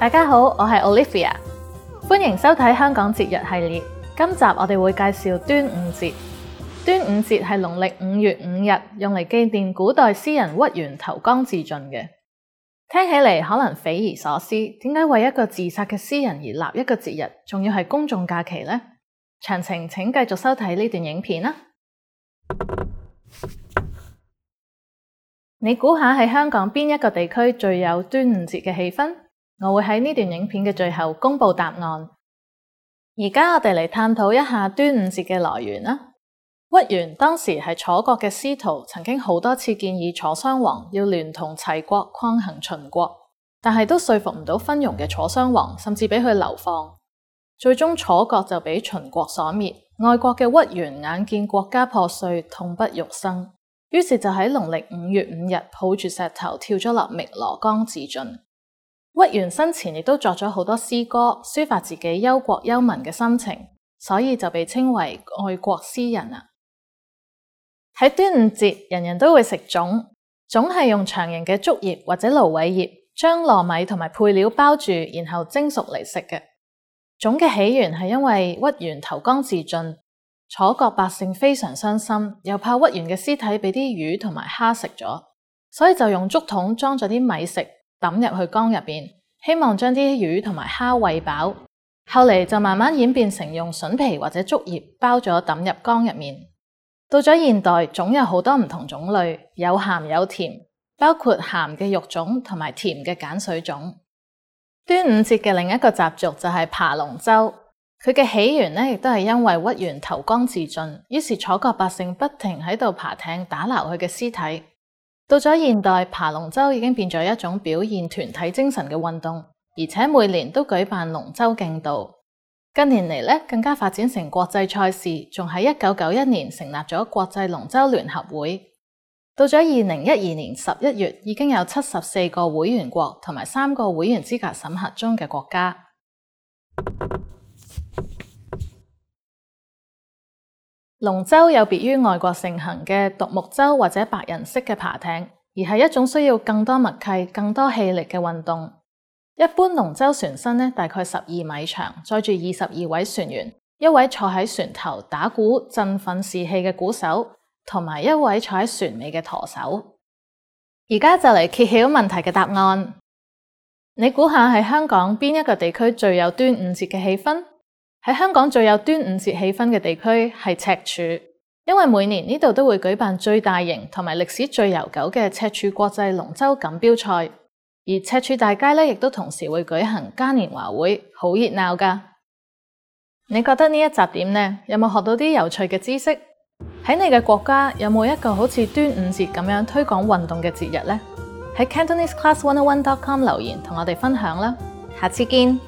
大家好，我係 Olivia，歡迎收睇香港節日系列。今集我哋會介紹端午節。端午節係農曆五月五日，用嚟紀念古代詩人屈原投江自盡嘅。聽起嚟可能匪夷所思，點解為一個自殺嘅詩人而立一個節日，仲要係公眾假期呢？詳情請繼續收睇呢段影片啦。你估下喺香港邊一個地區最有端午節嘅氣氛？我會喺呢段影片嘅最後公布答案。而家我哋嚟探討一下端午節嘅來源啦。屈原當時係楚國嘅司徒，曾經好多次建議楚襄王要聯同齊國抗衡秦國，但係都說服唔到昏庸嘅楚襄王，甚至俾佢流放。最終楚國就俾秦國所滅。愛國嘅屈原眼見國家破碎，痛不欲生，於是就喺農曆五月五日抱住石頭跳咗落汨羅江自盡。屈原生前亦都作咗好多詩歌，抒發自己憂國憂民嘅心情，所以就被稱為愛國詩人啊。喺端午節，人人都會食粽。粽係用長形嘅竹葉或者蘆葦葉，將糯米同埋配料包住，然後蒸熟嚟食嘅。粽嘅起源係因為屈原投江自盡，楚國百姓非常傷心，又怕屈原嘅屍體俾啲魚同埋蝦食咗，所以就用竹筒裝咗啲米食。抌入去缸入面，希望將啲魚同埋蝦餵飽。後嚟就慢慢演變成用筍皮或者竹葉包咗抌入缸入面。到咗現代，粽有好多唔同種類，有鹹有甜，包括鹹嘅肉粽同埋甜嘅鹼水粽。端午節嘅另一個習俗就係扒龍舟，佢嘅起源呢亦都係因為屈原投江自盡，於是楚國百姓不停喺度扒艇打撈佢嘅屍體。到咗現代，爬龍舟已經變咗一種表現團體精神嘅運動，而且每年都舉辦龍舟競渡。近年嚟呢，更加發展成國際賽事，仲喺一九九一年成立咗國際龍舟聯合會。到咗二零一二年十一月，已經有七十四個會員國同埋三個會員資格審核中嘅國家。龍舟有別於外國盛行嘅獨木舟或者白人式嘅爬艇，而係一種需要更多默契、更多氣力嘅運動。一般龍舟船身呢，大概十二米長，載住二十二位船員，一位坐喺船頭打鼓振奮士氣嘅鼓手，同埋一位坐喺船尾嘅舵手。而家就嚟揭曉問題嘅答案，你估下喺香港邊一個地區最有端午節嘅氣氛？喺香港最有端午節氣氛嘅地區係赤柱，因為每年呢度都會舉辦最大型同埋歷史最悠久嘅赤柱國際龍舟錦標賽，而赤柱大街呢亦都同時會舉行嘉年華會，好熱鬧㗎。你覺得呢一集點呢？有冇學到啲有趣嘅知識？喺你嘅國家有冇一個好似端午節咁樣推廣運動嘅節日呢？喺 CantoneseClass101.com 留言同我哋分享啦，下次見。